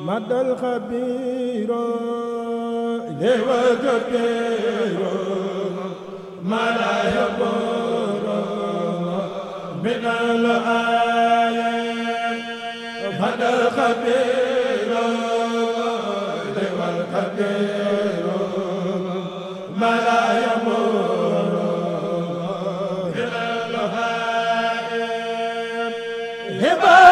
مد الخبير إليه وكبير ما لا يبر من الآيات مد الخبير إليه وكبير ما لا يبر من الآيات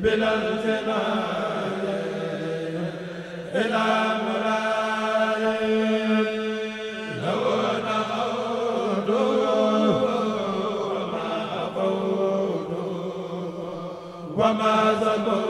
bila ma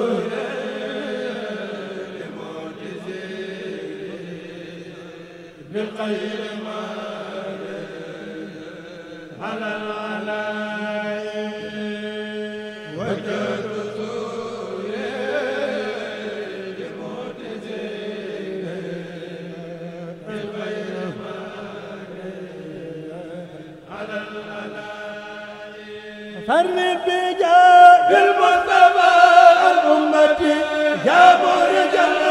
يا مرجل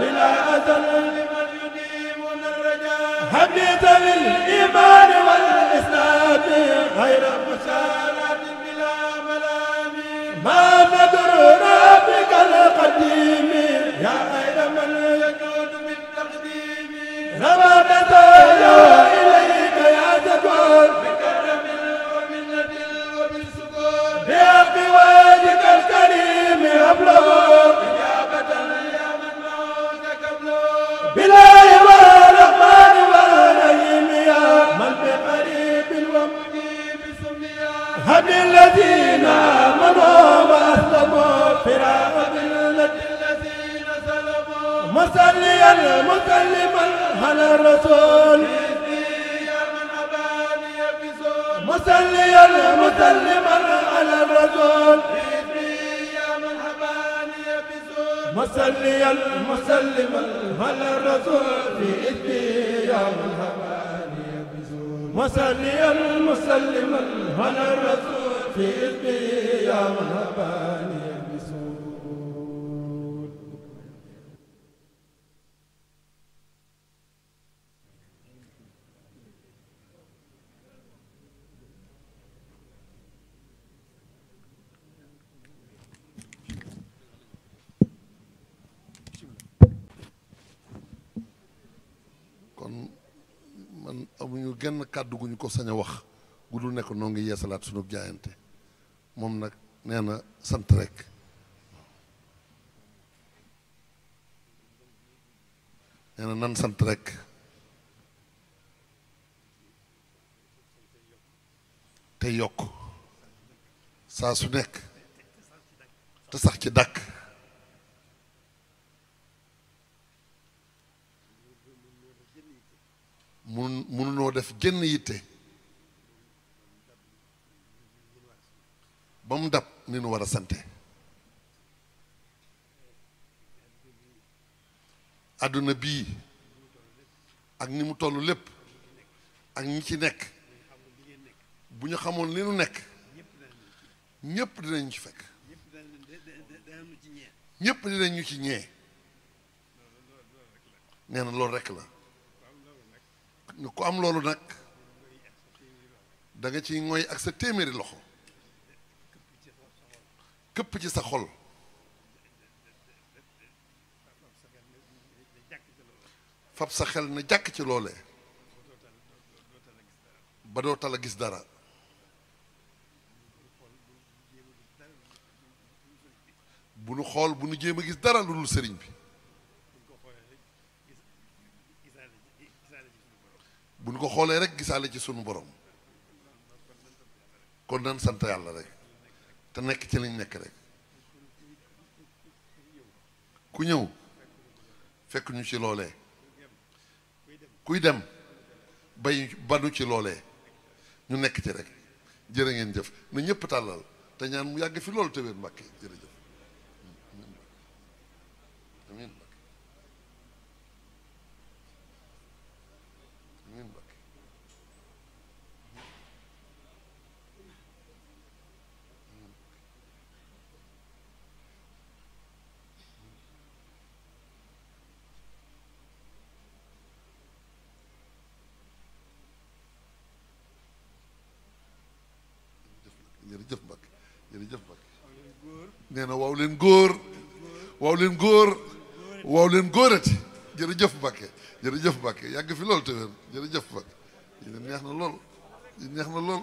بلا أزل لمن يديمنا الرجاء هديت للإيمان والإسلام غير مسالات بلا ملام ما بدر ربك القديم يا خير من يجود بالتقديم رمضان يا مسليا مسلما على الرسول مسليا مسلما على الرسول في إذبي يا من هباني بزول مسليا مسلما على الرسول في إذبي يا من هباني amuñu genn kàddu gu ko sañ a wax gu dul nekk noo ngi salaat sunu jaayante moom nag nee na sant rek. nee nan sant rek. te yokk saa su nekk te sax ci dàkk mun mununoo def génn yitte ba mu dab ni nu war a sante àdduna bii ak ni mu tollu lépp ak ñi ci nekk bu ñu xamoon li nu nekk ñépp dinañ ci fekk ñépp dinañ ci ñee neena loolu rekk la ñu ko am loolu nag danga nga ciy ngoy ak sa téeméeri loxo këpp ci sa xol fab sa xel na jàkk ci loole ba doo tal a gis dara bu nu xool bu nu jéem a gis dara lu dul sëriñ bi bu buñ ko xoolee rek gisaale ci sunu borom kon nan sant yàlla rek te nekk ci lañ nekk rek ku ñëw fekk ñu ci loolee kuy dem bay banu ci loolee ñu nekk ci rek jërë ngeen jëf na ñëpp tàllal te ñaan mu yàgg fi loolu te wér Mbàkke jërëjëf nee na waaw leen góor waaw leen góor waaw leen góorati jërëjëf Mbàkke jërëjëf Mbàkke yàgg fi lool te wér jërëjëf Mbàkke yéen neex na lool yéen neex na lool